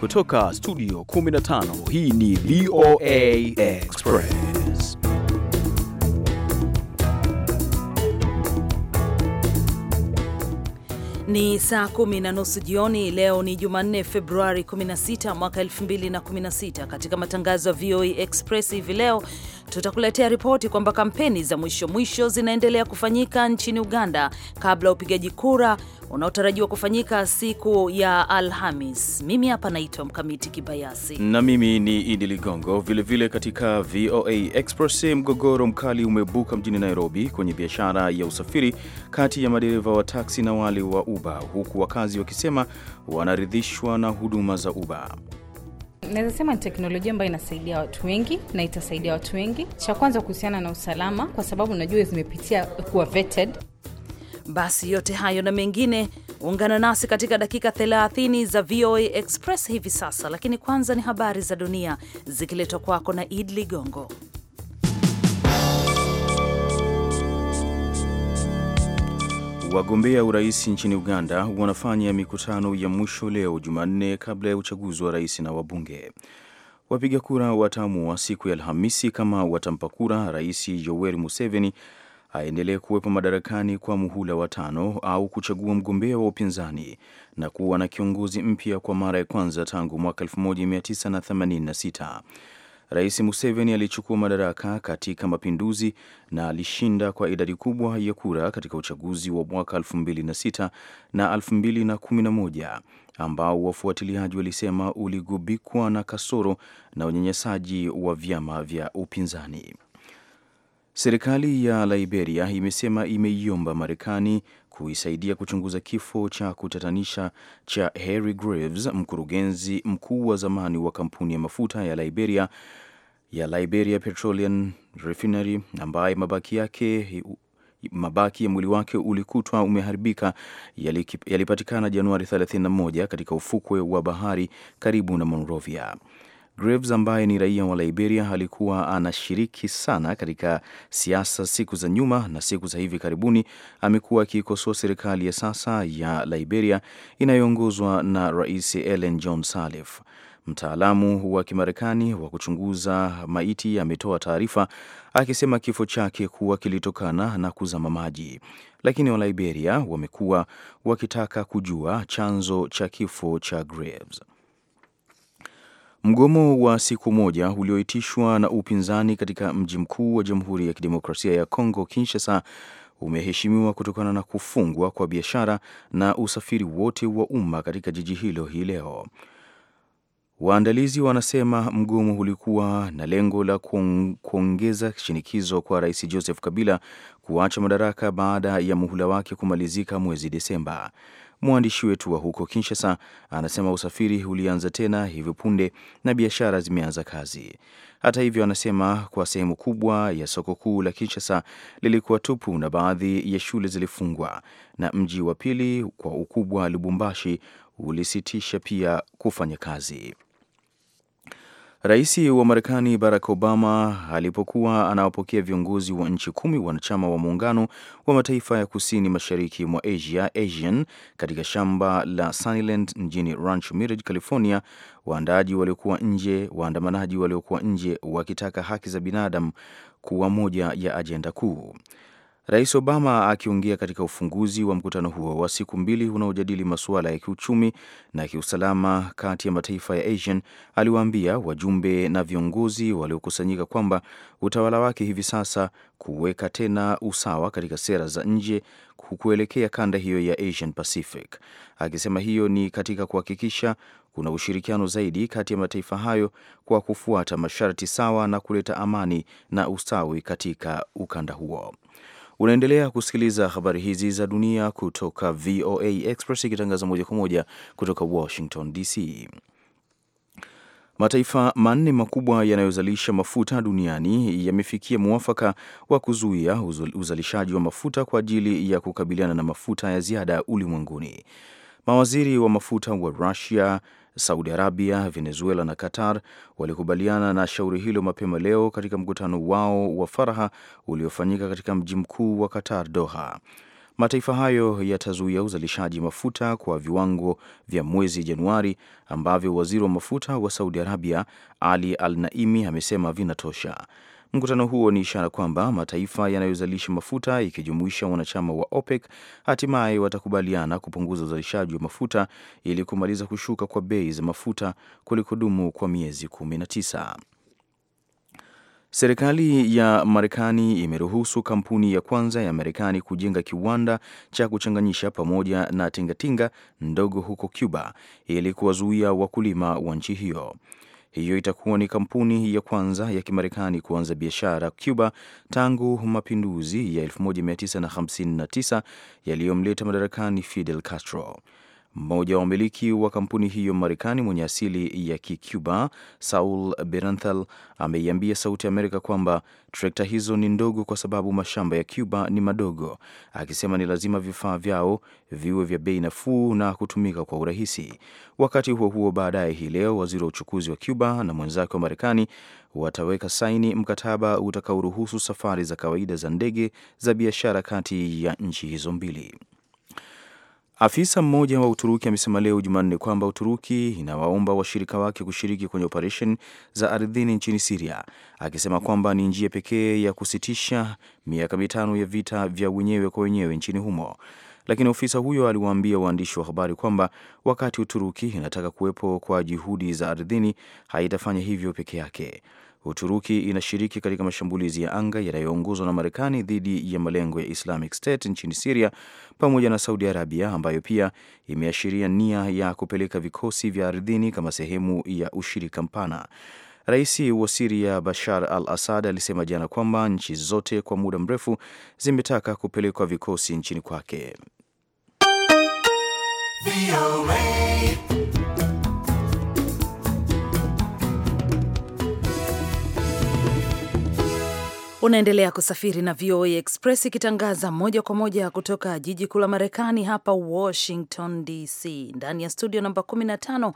Kutoka studio 15 hii ni VOA Express. Ni saa kumi na nusu jioni. Leo ni Jumanne, Februari 16 mwaka 2016. Katika matangazo ya VOA Express hivi leo Tutakuletea ripoti kwamba kampeni za mwisho mwisho zinaendelea kufanyika nchini Uganda kabla upigaji kura unaotarajiwa kufanyika siku ya Alhamis. Mimi hapa naitwa Mkamiti Kibayasi na mimi ni Idi Ligongo. Vilevile katika VOA Express, mgogoro mkali umebuka mjini Nairobi kwenye biashara ya usafiri kati ya madereva wa taksi na wale wa Uber, huku wakazi wakisema wanaridhishwa na huduma za Uber naweza sema ni teknolojia ambayo inasaidia watu wengi na itasaidia watu wengi. Cha kwanza kuhusiana na usalama, kwa sababu najua zimepitia kuwa vetted. Basi yote hayo na mengine, ungana nasi katika dakika 30 za VOA Express hivi sasa, lakini kwanza ni habari za dunia zikiletwa kwako na Id Ligongo. Wagombea urais nchini Uganda wanafanya mikutano ya mwisho leo Jumanne kabla ya uchaguzi wa rais na wabunge. Wapiga kura wataamua siku ya Alhamisi kama watampa kura Rais Yoweri Museveni aendelee kuwepo madarakani kwa muhula wa tano au kuchagua mgombea wa upinzani na kuwa na kiongozi mpya kwa mara ya kwanza tangu mwaka 1986. Rais Museveni alichukua madaraka katika mapinduzi na alishinda kwa idadi kubwa ya kura katika uchaguzi wa mwaka 2006 na 2011 ambao wafuatiliaji walisema uligubikwa na kasoro na unyanyasaji wa vyama vya upinzani. Serikali ya Liberia imesema imeiomba Marekani kuisaidia kuchunguza kifo cha kutatanisha cha Harry Graves, mkurugenzi mkuu wa zamani wa kampuni ya mafuta ya Liberia ya Liberia Petroleum Refinery ambaye mabaki yake mabaki ya mwili wake ulikutwa umeharibika yalipatikana Januari 31 katika ufukwe wa bahari karibu na Monrovia. Graves ambaye ni raia wa Liberia alikuwa anashiriki sana katika siasa siku za nyuma, na siku za hivi karibuni amekuwa akikosoa serikali ya sasa ya Liberia inayoongozwa na Rais Ellen John Sirleaf. Mtaalamu wa Kimarekani wa kuchunguza maiti ametoa taarifa akisema kifo chake kuwa kilitokana na kuzama maji, lakini Waliberia wamekuwa wakitaka kujua chanzo cha kifo cha Graves. Mgomo wa siku moja ulioitishwa na upinzani katika mji mkuu wa Jamhuri ya Kidemokrasia ya Kongo, Kinshasa, umeheshimiwa kutokana na kufungwa kwa biashara na usafiri wote wa umma katika jiji hilo hii leo. Waandalizi wanasema mgomo ulikuwa na lengo la kuongeza shinikizo kwa Rais Joseph Kabila kuacha madaraka baada ya muhula wake kumalizika mwezi Desemba. Mwandishi wetu wa huko Kinshasa anasema usafiri ulianza tena hivyo punde na biashara zimeanza kazi. Hata hivyo, anasema kwa sehemu kubwa ya soko kuu la Kinshasa lilikuwa tupu na baadhi ya shule zilifungwa, na mji wa pili kwa ukubwa Lubumbashi ulisitisha pia kufanya kazi. Rais wa Marekani Barack Obama alipokuwa anawapokea viongozi wa nchi kumi wanachama wa muungano wa mataifa ya kusini mashariki mwa Asia ASEAN katika shamba la Sunnyland mjini Rancho Mirage, California, waandaaji waliokuwa nje, waandamanaji waliokuwa nje wakitaka haki za binadamu kuwa moja ya ajenda kuu. Rais Obama akiongea katika ufunguzi wa mkutano huo wa siku mbili unaojadili masuala ya kiuchumi na kiusalama kati ya mataifa ya asian aliwaambia wajumbe na viongozi waliokusanyika kwamba utawala wake hivi sasa kuweka tena usawa katika sera za nje kuelekea kanda hiyo ya Asian Pacific, akisema hiyo ni katika kuhakikisha kuna ushirikiano zaidi kati ya mataifa hayo kwa kufuata masharti sawa na kuleta amani na ustawi katika ukanda huo. Unaendelea kusikiliza habari hizi za dunia kutoka VOA Express ikitangaza moja kwa moja kutoka Washington DC. Mataifa manne makubwa yanayozalisha mafuta duniani yamefikia mwafaka wa kuzuia uzalishaji wa mafuta kwa ajili ya kukabiliana na mafuta ya ziada ulimwenguni. Mawaziri wa mafuta wa Russia Saudi Arabia, Venezuela na Qatar walikubaliana na shauri hilo mapema leo katika mkutano wao wa faraha uliofanyika katika mji mkuu wa Qatar, Doha. Mataifa hayo yatazuia uzalishaji mafuta kwa viwango vya mwezi Januari ambavyo waziri wa mafuta wa Saudi Arabia Ali Al Naimi amesema vinatosha. Mkutano huo ni ishara kwamba mataifa yanayozalisha mafuta ikijumuisha wanachama wa OPEC hatimaye watakubaliana kupunguza uzalishaji wa mafuta ili kumaliza kushuka kwa bei za mafuta kulikodumu kwa miezi 19. Serikali ya Marekani imeruhusu kampuni ya kwanza ya Marekani kujenga kiwanda cha kuchanganyisha pamoja na tingatinga ndogo huko Cuba ili kuwazuia wakulima wa nchi hiyo. Hiyo itakuwa ni kampuni ya kwanza ya Kimarekani kuanza biashara Cuba tangu mapinduzi ya 1959 yaliyomleta madarakani Fidel Castro. Mmoja wa wamiliki wa kampuni hiyo Marekani mwenye asili ya Kicuba, Saul Berenthal, ameiambia Sauti Amerika kwamba trekta hizo ni ndogo kwa sababu mashamba ya Cuba ni madogo, akisema ni lazima vifaa vyao viwe vya bei nafuu na kutumika kwa urahisi. Wakati huo huo, baadaye hii leo waziri wa uchukuzi wa Cuba na mwenzake wa Marekani wataweka saini mkataba utakaoruhusu safari za kawaida za ndege za biashara kati ya nchi hizo mbili. Afisa mmoja wa Uturuki amesema leo Jumanne kwamba Uturuki inawaomba washirika wake kushiriki kwenye operesheni za ardhini nchini Siria, akisema kwamba ni njia pekee ya kusitisha miaka mitano ya vita vya wenyewe kwa wenyewe nchini humo. Lakini ofisa huyo aliwaambia waandishi wa habari kwamba wakati Uturuki inataka kuwepo kwa juhudi za ardhini, haitafanya hivyo peke yake. Uturuki inashiriki katika mashambulizi ya anga yanayoongozwa na Marekani dhidi ya malengo ya Islamic State nchini Siria pamoja na Saudi Arabia ambayo pia imeashiria nia ya kupeleka vikosi vya ardhini kama sehemu ya ushirika mpana. Rais wa Siria Bashar al Assad alisema jana kwamba nchi zote kwa muda mrefu zimetaka kupelekwa vikosi nchini kwake. Unaendelea kusafiri na VOA Express ikitangaza moja kwa moja kutoka jiji kuu la Marekani hapa Washington DC, ndani ya studio namba 15.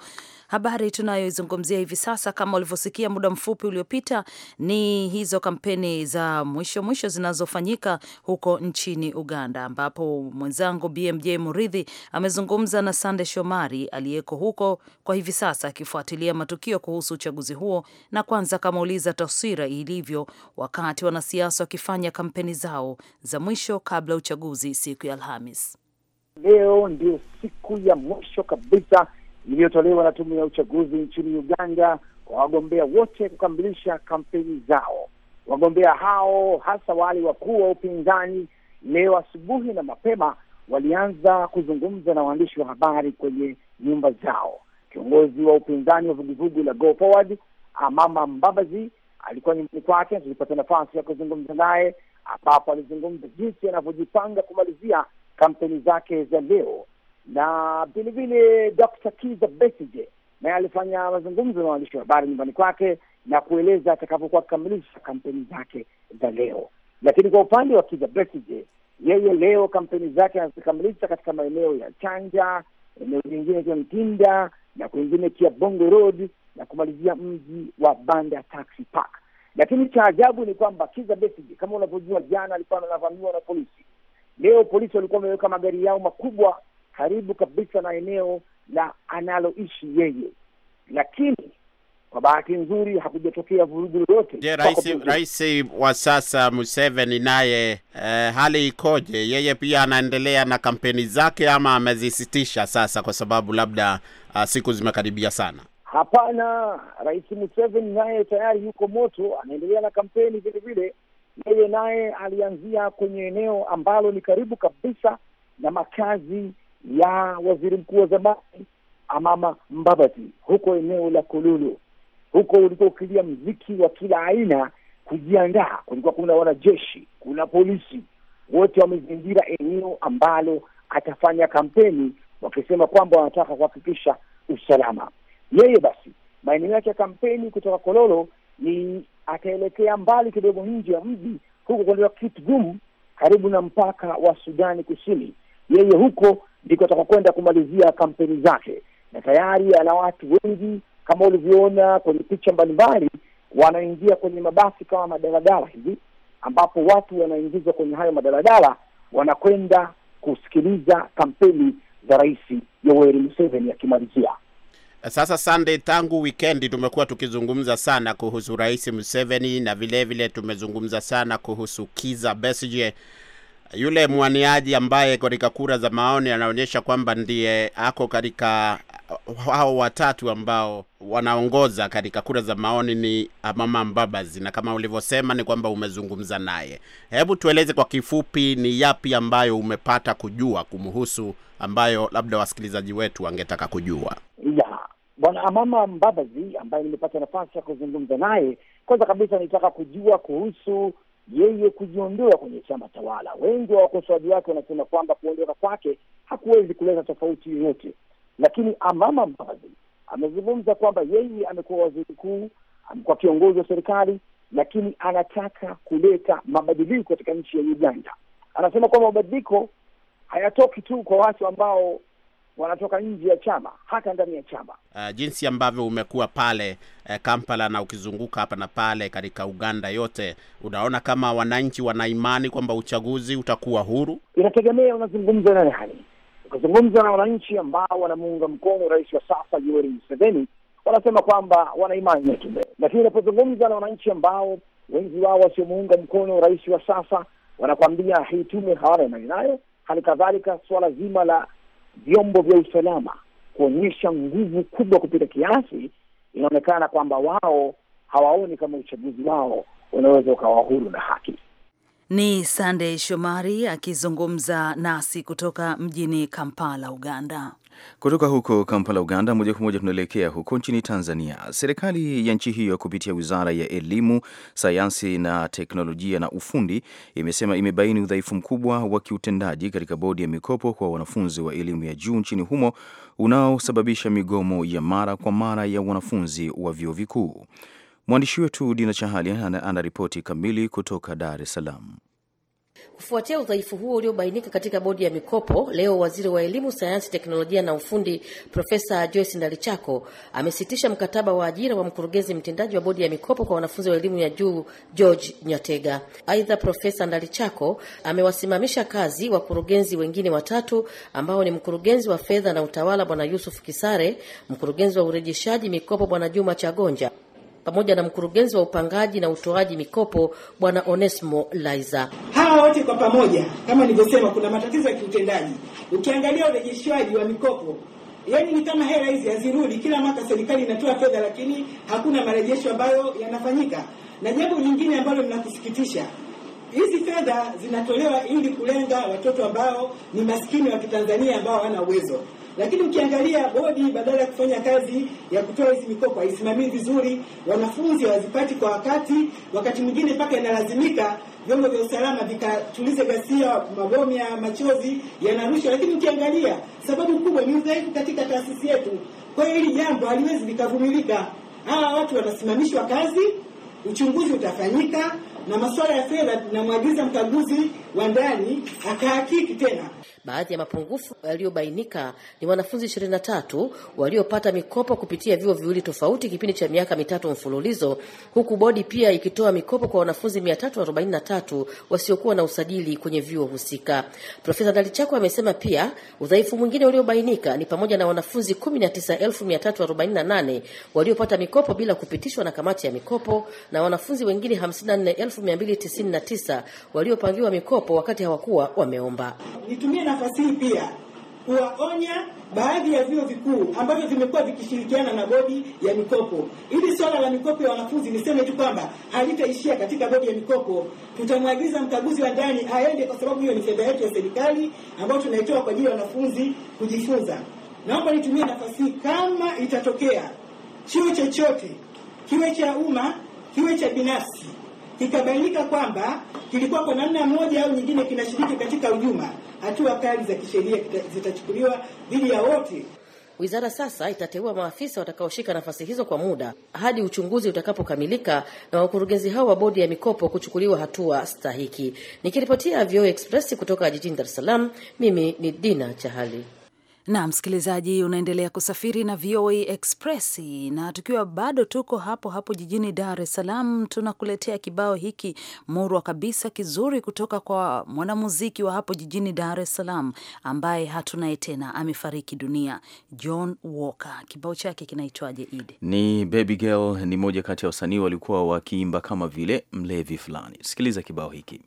Habari tunayoizungumzia hivi sasa, kama ulivyosikia muda mfupi uliopita, ni hizo kampeni za mwisho mwisho zinazofanyika huko nchini Uganda, ambapo mwenzangu BMJ Muridhi amezungumza na Sande Shomari aliyeko huko kwa hivi sasa akifuatilia matukio kuhusu uchaguzi huo, na kwanza akamuuliza taswira ilivyo wakati wanasiasa wakifanya kampeni zao za mwisho kabla uchaguzi siku ya Alhamis. Leo ndio siku ya mwisho kabisa iliyotolewa na tume ya uchaguzi nchini Uganda kwa wagombea wote kukamilisha kampeni zao. Wagombea hao hasa wale wakuu wa upinzani leo asubuhi na mapema walianza kuzungumza na waandishi wa habari kwenye nyumba zao. Kiongozi wa upinzani wa vuguvugu la Go Forward Amama Mbabazi alikuwa nyumbani kwake, tulipata nafasi ya kuzungumza naye, ambapo alizungumza jinsi anavyojipanga kumalizia kampeni zake za leo na vilevile Dr. Kiza Besige naye alifanya mazungumzo na waandishi wa habari nyumbani kwake na kueleza atakapokuwa akikamilisha kampeni zake za leo. Lakini kwa upande wa Kiza Besige, yeye leo kampeni zake anazikamilisha katika maeneo ya Chanja, eneo lingine kia Mtinda na kwingine kia Bongo Road na kumalizia mji wa Banda Taxi Park. Lakini cha ajabu ni kwamba Kiza Besige, kama unavyojua, jana alikuwa anavamiwa na polisi. Leo polisi walikuwa wameweka magari yao makubwa karibu kabisa na eneo la analoishi yeye, lakini kwa bahati nzuri hakujatokea vurugu lolote. Je, rais wa sasa Museveni naye eh, hali ikoje? Yeye pia anaendelea na kampeni zake ama amezisitisha sasa kwa sababu labda uh, siku zimekaribia sana? Hapana, rais Museveni naye tayari yuko moto, anaendelea na kampeni vile vile. Yeye naye alianzia kwenye eneo ambalo ni karibu kabisa na makazi ya waziri mkuu wa zamani Amama Mbabati huko eneo la Kololo. Huko ulikuwa ukilia mziki wa kila aina kujiandaa. Kulikuwa kuna wanajeshi, kuna polisi, wote wamezingira eneo ambalo atafanya kampeni, wakisema kwamba wanataka kuhakikisha usalama. Yeye basi maeneo yake ya kampeni kutoka Kololo ni ataelekea mbali kidogo nje ya mji huko kuendelea Kitgum, karibu na mpaka wa Sudani Kusini. Yeye huko ndiko atakokwenda kumalizia kampeni zake, na tayari ana watu wengi kama ulivyoona kwenye picha mbalimbali, wanaingia kwenye mabasi kama madaladala hivi, ambapo watu wanaingizwa kwenye hayo madaladala, wanakwenda kusikiliza kampeni za Rais Yoweri Museveni akimalizia. Sasa Sunday, tangu wikendi tumekuwa tukizungumza sana kuhusu Rais Museveni na vilevile vile tumezungumza sana kuhusu kiza Besigye yule mwaniaji ambaye katika kura za maoni anaonyesha kwamba ndiye ako katika uh, hao watatu ambao wanaongoza katika kura za maoni ni uh, Mama Mbabazi, na kama ulivyosema ni kwamba umezungumza naye. Hebu tueleze kwa kifupi, ni yapi ambayo umepata kujua kumhusu, ambayo labda wasikilizaji wetu wangetaka kujua? Ya bwana Amama Mbabazi ambaye nimepata nafasi ya kuzungumza naye, kwanza kabisa nitaka kujua kuhusu yeye kujiondoa kwenye chama tawala. Wengi wa wakosoaji wake wanasema kwamba kuondoka kwake hakuwezi kuleta tofauti yoyote, lakini Amama Mbabazi amezungumza kwamba yeye amekuwa waziri mkuu, amekuwa kiongozi wa serikali, lakini anataka kuleta mabadiliko katika nchi ya Uganda. Anasema kwamba mabadiliko hayatoki tu kwa watu ambao wanatoka nje ya chama hata ndani ya chama. Uh, jinsi ambavyo umekuwa pale eh, Kampala na ukizunguka hapa na pale katika Uganda yote, unaona kama wananchi wana imani kwamba uchaguzi utakuwa huru? Inategemea unazungumza na nani. Ukizungumza na wananchi ambao wanamuunga mkono rais wa sasa Yoweri Museveni, wanasema kwamba wana imani na tume, lakini unapozungumza na wananchi ambao wengi wao wasiomuunga mkono rais wa sasa wanakwambia hii tume hawana imani nayo. Hali kadhalika suala zima la vyombo vya usalama kuonyesha nguvu kubwa kupita kiasi, inaonekana kwamba wao hawaoni kama uchaguzi wao unaweza ukawa huru na haki. Ni Sandey Shomari akizungumza nasi kutoka mjini Kampala, Uganda. Kutoka huko Kampala, Uganda, moja kwa moja tunaelekea huko nchini Tanzania. Serikali ya nchi hiyo kupitia Wizara ya Elimu, Sayansi na Teknolojia na Ufundi imesema imebaini udhaifu mkubwa wa kiutendaji katika bodi ya mikopo kwa wanafunzi wa elimu ya juu nchini humo unaosababisha migomo ya mara kwa mara ya wanafunzi wa vyuo vikuu. Mwandishi wetu Dina Chahali anaripoti kamili kutoka Dar es Salaam. Kufuatia udhaifu huo uliobainika katika bodi ya mikopo, leo waziri wa elimu, sayansi, teknolojia na ufundi Profesa Joyce Ndalichako amesitisha mkataba wa ajira wa mkurugenzi mtendaji wa bodi ya mikopo kwa wanafunzi wa elimu ya juu George Nyatega. Aidha, Profesa Ndalichako amewasimamisha kazi wakurugenzi wengine watatu ambao ni mkurugenzi wa fedha na utawala Bwana Yusuf Kisare, mkurugenzi wa urejeshaji mikopo Bwana Juma Chagonja pamoja na mkurugenzi wa upangaji na utoaji mikopo Bwana Onesmo Laiza. Hawa wote kwa pamoja, kama nilivyosema, kuna matatizo ya kiutendaji. Ukiangalia urejeshwaji wa mikopo yaani ni kama hela hizi hazirudi. Kila mwaka serikali inatoa fedha, lakini hakuna marejesho ambayo yanafanyika. Na jambo lingine ambalo linakusikitisha, hizi fedha zinatolewa ili kulenga watoto ambao ni maskini wa Kitanzania ambao hawana uwezo. Lakini ukiangalia bodi, badala ya kufanya kazi ya kutoa hizi mikopo, haisimamii vizuri, wanafunzi hawazipati kwa wakati. Wakati mwingine mpaka inalazimika vyombo vya usalama vikatulize ghasia, mabomu ya machozi yanarushwa. Lakini ukiangalia sababu kubwa ni udhaifu katika taasisi yetu. Kwa hiyo hili jambo haliwezi likavumilika. Hawa watu watasimamishwa kazi, uchunguzi utafanyika, na masuala ya fedha namwagiza mkaguzi wa ndani akahakiki tena. Baadhi ya mapungufu yaliyobainika ni wanafunzi 23 waliopata mikopo kupitia vyuo viwili tofauti kipindi cha miaka mitatu mfululizo, huku bodi pia ikitoa mikopo kwa wanafunzi 343 wasiokuwa na usajili kwenye vyuo husika. Profesa Dalichako amesema pia udhaifu mwingine uliobainika ni pamoja na wanafunzi 19348 waliopata mikopo bila kupitishwa na kamati ya mikopo na wanafunzi wengine 54299 waliopangiwa mikopo mikopo wakati hawakuwa wameomba. Nitumie nafasi hii pia kuwaonya baadhi ya vyuo vikuu ambavyo vimekuwa vikishirikiana na bodi ya mikopo. Ili swala la mikopo ya wanafunzi, niseme tu kwamba halitaishia katika bodi ya mikopo. Tutamwagiza mkaguzi wa ndani aende, kwa sababu hiyo ni fedha yetu ya serikali ambayo tunaitoa kwa ajili ya wanafunzi kujifunza. Naomba nitumie nafasi hii, kama itatokea chuo chochote kiwe cha umma kiwe cha binafsi kikabainika kwamba kilikuwa kwa namna moja au nyingine kinashiriki katika hujuma, hatua kali za kisheria zitachukuliwa dhidi ya wote. Wizara sasa itateua maafisa watakaoshika nafasi hizo kwa muda hadi uchunguzi utakapokamilika na wakurugenzi hao wa bodi ya mikopo kuchukuliwa hatua stahiki. Nikiripotia VOA Express kutoka jijini Dar es Salaam, mimi ni Dina Chahali na msikilizaji, unaendelea kusafiri na VOA Express, na tukiwa bado tuko hapo hapo jijini Dar es Salaam, tunakuletea kibao hiki murwa kabisa kizuri kutoka kwa mwanamuziki wa hapo jijini Dar es Salaam ambaye hatunaye tena, amefariki dunia, John Walker. Kibao chake kinaitwaje? Idi ni Baby Girl, ni moja kati ya wasanii walikuwa wakiimba kama vile mlevi fulani. Sikiliza kibao hiki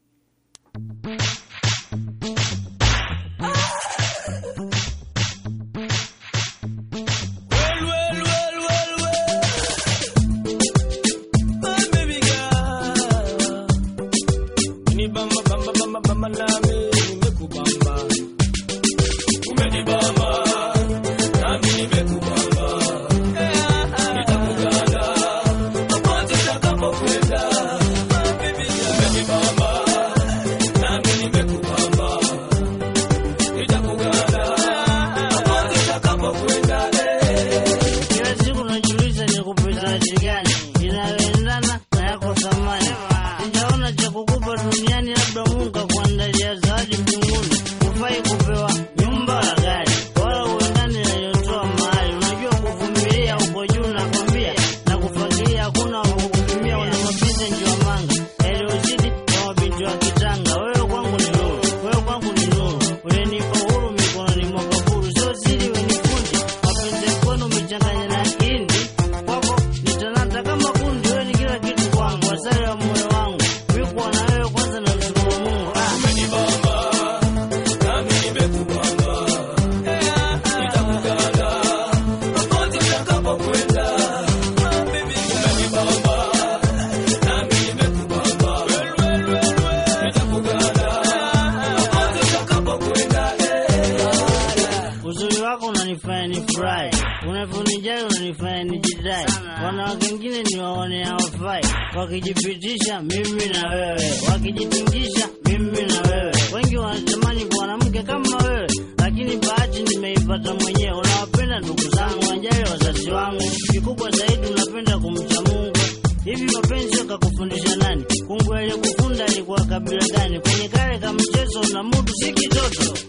nikijitingisha mimi na wewe. Wengi wanatamani mwanamke kama wewe, lakini bahati nimeipata mwenyewe. Unawapenda ndugu zangu, wanjali wazazi wangu, kikubwa zaidi unapenda kumcha Mungu. Hivi mapenzi kakufundisha nani? Kungu aliyekufunda alikuwa kabila gani? Kwenye kale ka mchezo na mutu si kitoto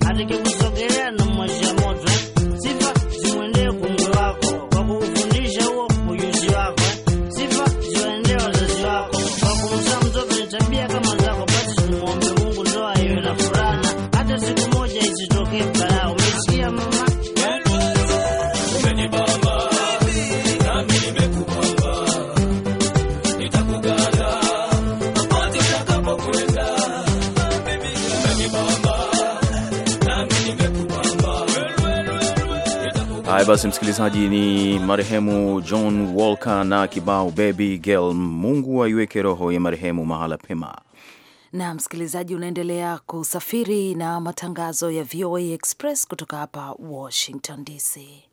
basi msikilizaji, ni marehemu John Walker na kibao Baby Girl. Mungu aiweke roho ya marehemu mahala pema. Na msikilizaji, unaendelea kusafiri na matangazo ya VOA Express kutoka hapa Washington DC.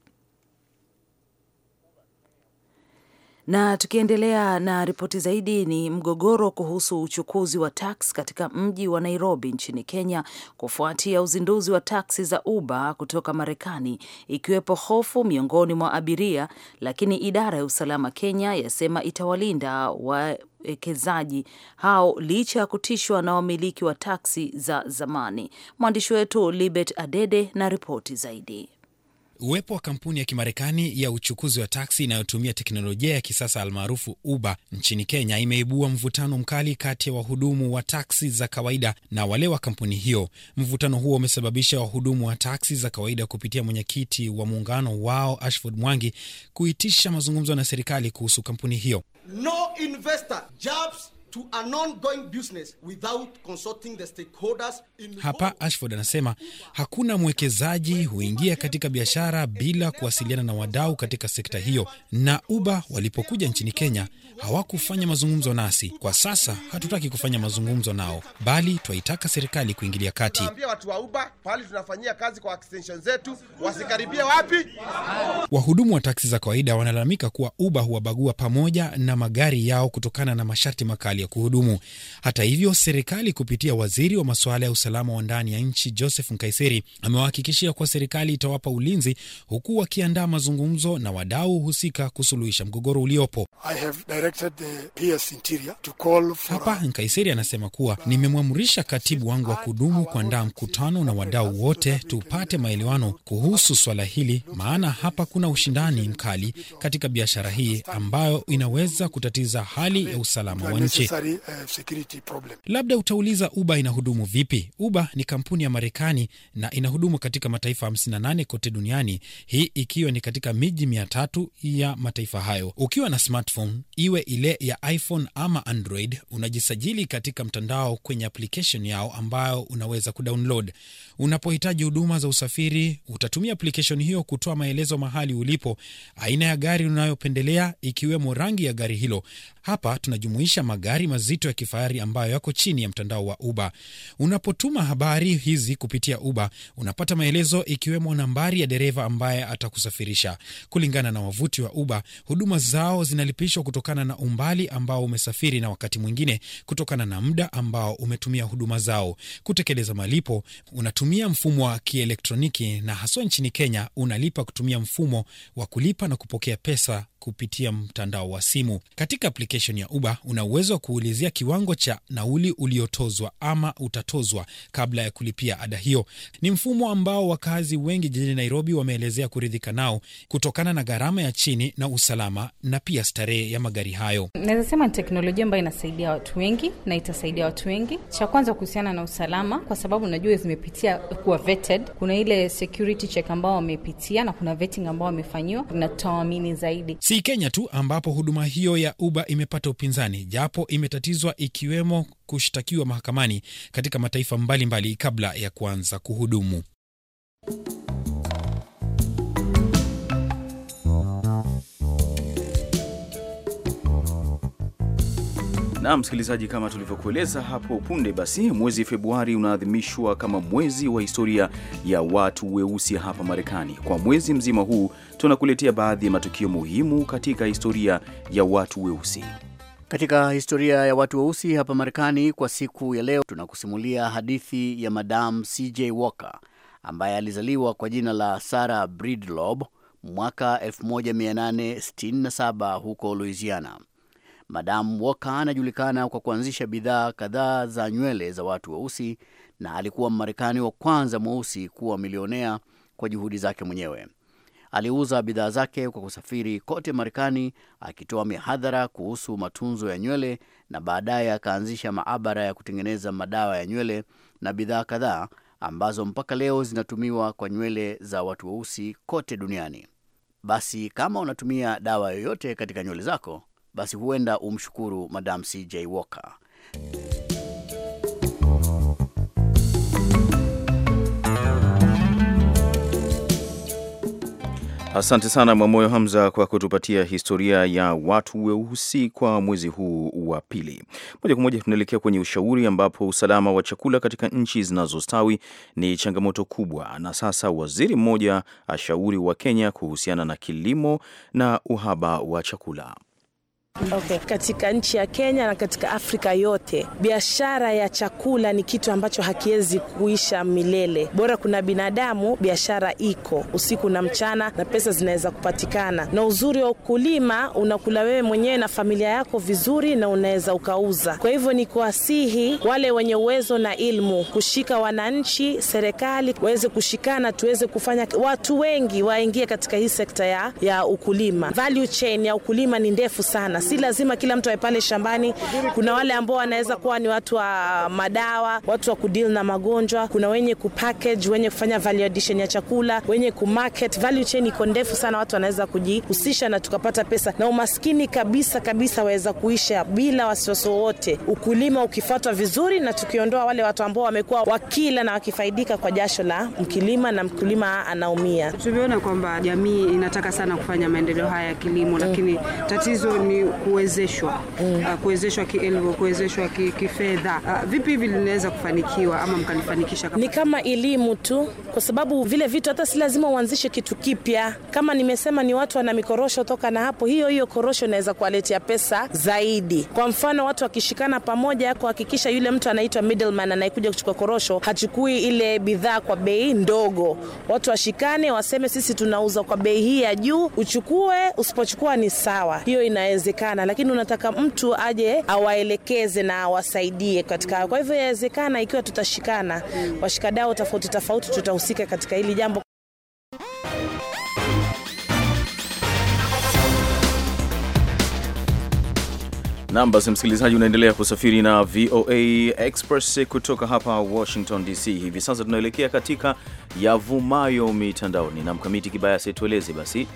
Na tukiendelea na ripoti zaidi, ni mgogoro kuhusu uchukuzi wa taksi katika mji wa Nairobi nchini Kenya kufuatia uzinduzi wa taksi za Uber kutoka Marekani, ikiwepo hofu miongoni mwa abiria, lakini idara ya usalama Kenya yasema itawalinda wa wekezaji hao licha ya kutishwa na wamiliki wa taksi za zamani. Mwandishi wetu Libet Adede na ripoti zaidi. Uwepo wa kampuni ya Kimarekani ya uchukuzi wa taksi inayotumia teknolojia ya kisasa almaarufu Uber nchini Kenya imeibua mvutano mkali kati ya wahudumu wa taksi za kawaida na wale wa kampuni hiyo. Mvutano huo umesababisha wahudumu wa taksi za kawaida kupitia mwenyekiti wa muungano wao Ashford Mwangi kuitisha mazungumzo na serikali kuhusu kampuni hiyo. No investor, jobs to an ongoing business without consulting the stakeholders in... Hapa Ashford anasema hakuna mwekezaji huingia katika biashara bila kuwasiliana na wadau katika sekta hiyo, na Uber walipokuja nchini Kenya hawakufanya mazungumzo nasi. Kwa sasa hatutaki kufanya mazungumzo nao, bali twaitaka serikali kuingilia kati. Tunaambia watu wa Uber pahali tunafanyia kazi kwa extension zetu wasikaribie wapi. Wahudumu wa taksi za kawaida wanalalamika kuwa Uber huwabagua pamoja na magari yao kutokana na masharti makali ya kuhudumu. Hata hivyo, serikali kupitia waziri wa masuala ya usalama wa ndani ya nchi Joseph Nkaiseri amewahakikishia kuwa serikali itawapa ulinzi, huku wakiandaa mazungumzo na wadau husika kusuluhisha mgogoro uliopo. Hapa Nkaiseri anasema kuwa nimemwamrisha katibu wangu wa kudumu kuandaa mkutano na wadau wote tupate maelewano kuhusu swala hili, maana hapa kuna ushindani mkali katika biashara hii ambayo inaweza kutatiza hali ya usalama wa nchi necessary uh, security problem. Labda utauliza Uber inahudumu vipi? Uber ni kampuni ya Marekani na inahudumu katika mataifa 58 kote duniani, hii ikiwa ni katika miji mia tatu ya mataifa hayo. Ukiwa na smartphone iwe ile ya iPhone ama Android, unajisajili katika mtandao kwenye application yao ambayo unaweza kudownload. Unapohitaji huduma za usafiri, utatumia application hiyo kutoa maelezo mahali ulipo, aina ya gari unayopendelea, ikiwemo rangi ya gari hilo. Hapa tunajumuisha magari magari mazito ya kifahari ambayo yako chini ya mtandao wa Uber. Unapotuma habari hizi kupitia Uber, unapata maelezo ikiwemo nambari ya dereva ambaye atakusafirisha. Kulingana na wavuti wa Uber, huduma zao zinalipishwa kutokana na umbali ambao umesafiri na wakati mwingine kutokana na muda ambao umetumia huduma zao. Kutekeleza malipo, unatumia mfumo wa kielektroniki na haswa nchini Kenya unalipa kutumia mfumo wa kulipa na kupokea pesa kupitia mtandao wa simu. Katika application ya Uber una uwezo kuulizia kiwango cha nauli uliotozwa ama utatozwa kabla ya kulipia ada hiyo. Ni mfumo ambao wakazi wengi jijini Nairobi wameelezea kuridhika nao kutokana na gharama ya chini na usalama na pia starehe ya magari hayo. Naweza sema ni teknolojia ambayo inasaidia watu wengi na itasaidia watu wengi. Cha kwanza kuhusiana na usalama, kwa sababu najua zimepitia kuwa vetted. Kuna ile security check ambao wamepitia na kuna vetting ambao wamefanyiwa natoamini zaidi. Si Kenya tu ambapo huduma hiyo ya Uber imepata upinzani japo imetatizwa ikiwemo kushtakiwa mahakamani katika mataifa mbalimbali mbali kabla ya kuanza kuhudumu. Na msikilizaji, kama tulivyokueleza hapo punde, basi mwezi Februari unaadhimishwa kama mwezi wa historia ya watu weusi hapa Marekani. Kwa mwezi mzima huu tunakuletea baadhi ya matukio muhimu katika historia ya watu weusi. Katika historia ya watu weusi wa hapa Marekani, kwa siku ya leo tunakusimulia hadithi ya Madam CJ Walker ambaye alizaliwa kwa jina la Sarah Breedlove mwaka 1867 huko Louisiana. Madam Walker anajulikana kwa kuanzisha bidhaa kadhaa za nywele za watu weusi wa na alikuwa Mmarekani wa kwanza mweusi kuwa milionea kwa juhudi zake mwenyewe aliuza bidhaa zake kwa kusafiri kote Marekani akitoa mihadhara kuhusu matunzo ya nywele na baadaye akaanzisha maabara ya kutengeneza madawa ya nywele na bidhaa kadhaa ambazo mpaka leo zinatumiwa kwa nywele za watu weusi kote duniani. Basi kama unatumia dawa yoyote katika nywele zako, basi huenda umshukuru Madam CJ Walker. Asante sana Mwamoyo Hamza kwa kutupatia historia ya watu weusi kwa mwezi huu wa pili. Moja kwa moja tunaelekea kwenye ushauri, ambapo usalama wa chakula katika nchi zinazostawi ni changamoto kubwa, na sasa waziri mmoja ashauri wa Kenya kuhusiana na kilimo na uhaba wa chakula. Okay. Katika nchi ya Kenya na katika Afrika yote, biashara ya chakula ni kitu ambacho hakiwezi kuisha milele. Bora kuna binadamu, biashara iko usiku na mchana, na pesa zinaweza kupatikana. Na uzuri wa ukulima, unakula wewe mwenyewe na familia yako vizuri, na unaweza ukauza. Kwa hivyo ni kuwasihi wale wenye uwezo na ilmu kushika wananchi, serikali waweze kushikana, tuweze kufanya watu wengi waingie katika hii sekta ya, ya ukulima. Value chain ya ukulima ni ndefu sana si lazima kila mtu awe pale shambani. Kuna wale ambao wanaweza kuwa ni watu wa madawa, watu wa kudeal na magonjwa, kuna wenye kupackage, wenye kufanya value addition ya chakula, wenye kumarket. Value chain iko ndefu sana, watu wanaweza kujihusisha na tukapata pesa, na umaskini kabisa kabisa waweza kuisha bila wasiwasi wowote, ukulima ukifuatwa vizuri, na tukiondoa wale watu ambao wamekuwa wakila na wakifaidika kwa jasho la mkilima na mkulima anaumia. Tumeona kwamba jamii inataka sana kufanya maendeleo haya ya kilimo, lakini tatizo ni kuwezeshwa mm. Uh, kuwezeshwa kielimu, kuwezeshwa kifedha. Uh, vipi hivi linaweza kufanikiwa ama kama? Ni kama elimu tu, kwa sababu vile vitu hata si lazima uanzishe kitu kipya. Kama nimesema ni watu wana mikorosho toka na hapo, hiyo hiyo korosho inaweza kuwaletea pesa zaidi. Kwa mfano, watu wakishikana pamoja kuhakikisha yule mtu anaitwa middleman anayekuja kuchukua korosho hachukui ile bidhaa kwa bei ndogo, watu washikane, waseme sisi tunauza kwa bei hii ya juu, uchukue, usipochukua ni sawa. Hiyo inawezekana inawezekana, lakini unataka mtu aje awaelekeze na awasaidie katika. Kwa hivyo inawezekana ikiwa tutashikana washikadao tofauti tofauti, tutahusika katika hili jambo. Nam, basi msikilizaji, unaendelea kusafiri na VOA Express kutoka hapa Washington DC. Hivi sasa tunaelekea katika yavumayo mitandaoni, na Mkamiti Kibayasi, tueleze basi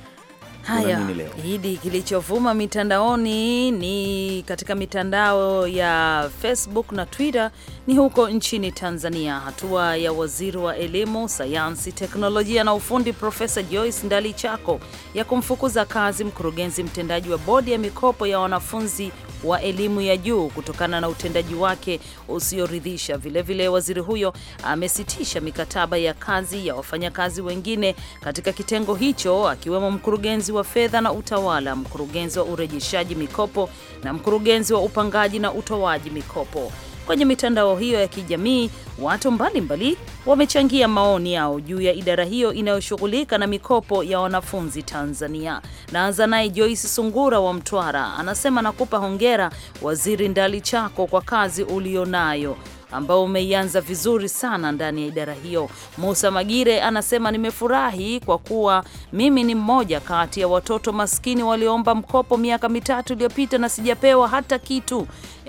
Haya, hidi kilichovuma mitandaoni ni katika mitandao ya Facebook na Twitter ni huko nchini Tanzania, hatua ya waziri wa elimu, sayansi, teknolojia na ufundi Profesa Joyce Ndalichako ya kumfukuza kazi mkurugenzi mtendaji wa bodi ya mikopo ya wanafunzi wa elimu ya juu kutokana na utendaji wake usioridhisha. Vilevile waziri huyo amesitisha mikataba ya kazi ya wafanyakazi wengine katika kitengo hicho akiwemo mkurugenzi wa fedha na utawala, mkurugenzi wa urejeshaji mikopo na mkurugenzi wa upangaji na utoaji mikopo. Kwenye mitandao hiyo ya kijamii, watu mbalimbali wamechangia maoni yao juu ya idara hiyo inayoshughulika na mikopo ya wanafunzi Tanzania. Naanza naye Joyce Sungura wa Mtwara, anasema nakupa hongera Waziri Ndalichako kwa kazi ulionayo ambao umeianza vizuri sana ndani ya idara hiyo. Musa Magire anasema nimefurahi kwa kuwa mimi ni mmoja kati ya watoto maskini walioomba mkopo miaka mitatu iliyopita na sijapewa hata kitu.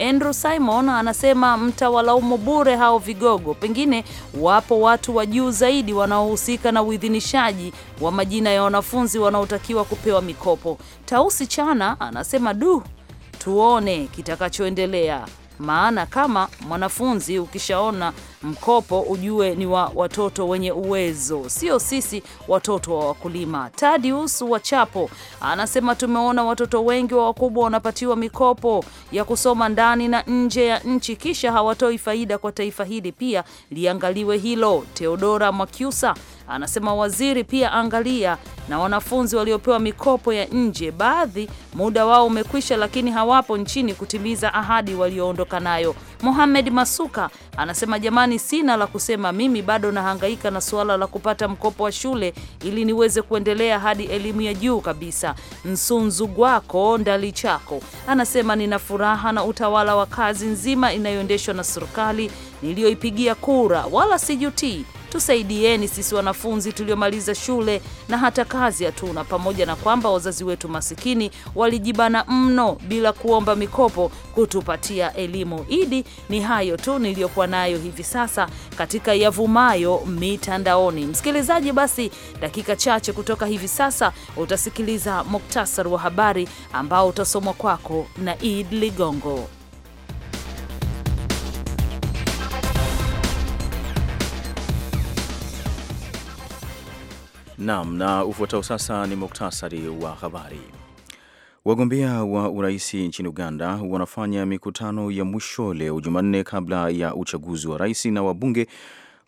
Andrew Simon anasema mtawalaumu bure hao vigogo, pengine wapo watu wa juu zaidi wanaohusika na uidhinishaji wa majina ya wanafunzi wanaotakiwa kupewa mikopo. Tausi Chana anasema du, tuone kitakachoendelea maana kama mwanafunzi ukishaona mkopo ujue ni wa watoto wenye uwezo, sio sisi watoto wa wakulima. Tadius Wachapo anasema tumeona watoto wengi wa wakubwa wanapatiwa mikopo ya kusoma ndani na nje ya nchi, kisha hawatoi faida kwa taifa hili. Pia liangaliwe hilo. Teodora Mwakyusa anasema waziri pia angalia na wanafunzi waliopewa mikopo ya nje, baadhi muda wao umekwisha, lakini hawapo nchini kutimiza ahadi walioondoka nayo. Mohamed Masuka anasema jamani Marekani sina la kusema, mimi bado nahangaika na suala la kupata mkopo wa shule ili niweze kuendelea hadi elimu ya juu kabisa. Nsunzu Gwako ndali chako anasema nina furaha na utawala wa kazi nzima inayoendeshwa na serikali niliyoipigia kura, wala sijutii Tusaidieni sisi wanafunzi tuliomaliza shule na hata kazi hatuna, pamoja na kwamba wazazi wetu masikini walijibana mno bila kuomba mikopo kutupatia elimu. Idi, ni hayo tu niliyokuwa nayo hivi sasa katika yavumayo mitandaoni. Msikilizaji, basi dakika chache kutoka hivi sasa utasikiliza muktasari wa habari ambao utasomwa kwako na Id Ligongo. Naam, na ufuatao sasa ni muktasari wa habari. Wagombea wa urais nchini Uganda wanafanya mikutano ya mwisho leo Jumanne kabla ya uchaguzi wa rais na wabunge.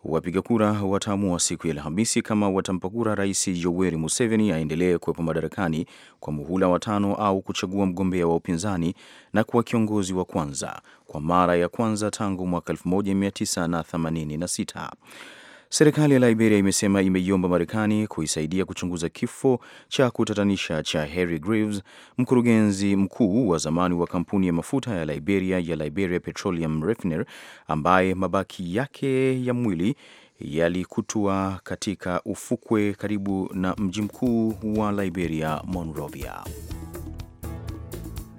Wapiga kura wataamua siku ya Alhamisi kama watampa kura Rais Yoweri Museveni aendelee kuwepo madarakani kwa muhula wa tano au kuchagua mgombea wa upinzani na kuwa kiongozi wa kwanza kwa mara ya kwanza tangu mwaka 1986. Serikali ya Liberia imesema imeiomba Marekani kuisaidia kuchunguza kifo cha kutatanisha cha Harry Graves, mkurugenzi mkuu wa zamani wa kampuni ya mafuta ya Liberia ya Liberia Petroleum refner ambaye mabaki yake ya mwili yalikutwa katika ufukwe karibu na mji mkuu wa Liberia, Monrovia.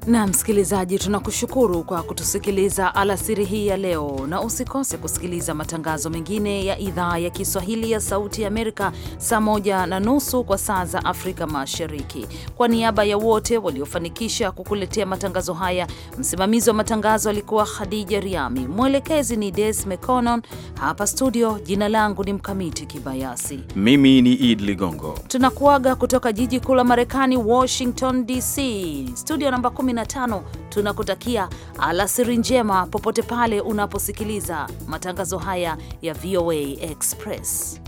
Na msikilizaji, tunakushukuru kwa kutusikiliza alasiri hii ya leo, na usikose kusikiliza matangazo mengine ya idhaa ya Kiswahili ya Sauti ya Amerika saa moja na nusu kwa saa za Afrika Mashariki. Kwa niaba ya wote waliofanikisha kukuletea matangazo haya, msimamizi wa matangazo alikuwa Khadija Riami, mwelekezi ni Des Mconon. Hapa studio, jina langu ni Mkamiti Kibayasi, mimi ni Id Ligongo. Tunakuaga kutoka jiji kuu la Marekani, Washington DC, studio namba 15 tunakutakia alasiri njema popote pale unaposikiliza matangazo haya ya VOA Express.